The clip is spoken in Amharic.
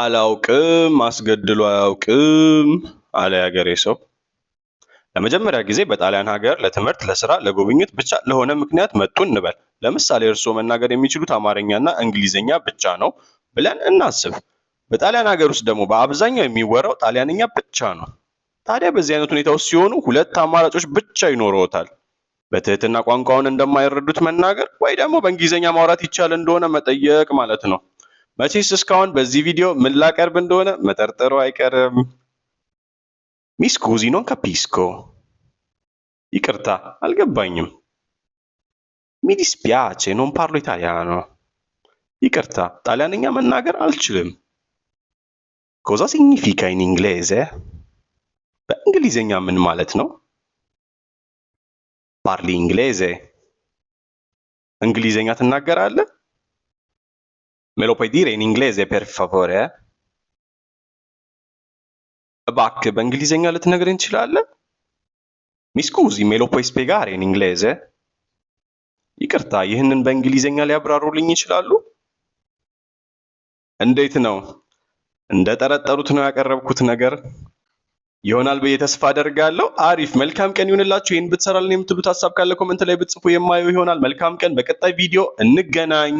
አላውቅም አስገድሎ አያውቅም አለ ያገሬ ሰው። ለመጀመሪያ ጊዜ በጣሊያን ሀገር ለትምህርት፣ ለስራ፣ ለጉብኝት ብቻ ለሆነ ምክንያት መጡ እንበል። ለምሳሌ እርስዎ መናገር የሚችሉት አማርኛና እንግሊዝኛ ብቻ ነው ብለን እናስብ። በጣሊያን ሀገር ውስጥ ደግሞ በአብዛኛው የሚወራው ጣሊያንኛ ብቻ ነው። ታዲያ በዚህ አይነት ሁኔታ ውስጥ ሲሆኑ ሁለት አማራጮች ብቻ ይኖረውታል። በትህትና ቋንቋውን እንደማይረዱት መናገር ወይ ደግሞ በእንግሊዝኛ ማውራት ይቻል እንደሆነ መጠየቅ ማለት ነው። መቼስ እስካሁን በዚህ ቪዲዮ ምን ላቀርብ እንደሆነ መጠርጠሩ አይቀርም። ሚስ ኖን ካፒስኮ። ይቅርታ አልገባኝም። ሚ ዲስፒያቼ ኖን ፓርሎ ኢታሊያኖ። ይቅርታ ጣሊያንኛ መናገር አልችልም። ኮዛ ሲግኒፊካ ኢን ኢንግሌዘ። በእንግሊዘኛ ምን ማለት ነው? ፓርሊ ኢንግሌዘ። እንግሊዘኛ ትናገራለህ? Me lo puoi dire in inglese per favore? እባክህ በእንግሊዘኛ ልትነግረኝ ትችላለህ? ሚ ስኩዚ ሜ ሎ ፑoi spiegare in inglese? ይቅርታ ይህንን በእንግሊዘኛ ሊያብራሩልኝ ይችላሉ? እንዴት ነው? እንደ ጠረጠሩት ነው ያቀረብኩት ነገር ይሆናል ብዬ ተስፋ አደርጋለሁ። አሪፍ መልካም ቀን ይሁንላችሁ። ይህን ብትሰራልን የምትሉት ሀሳብ ካለ ኮመንት ላይ ብትጽፉ የማየው ይሆናል። መልካም ቀን። በቀጣይ ቪዲዮ እንገናኝ።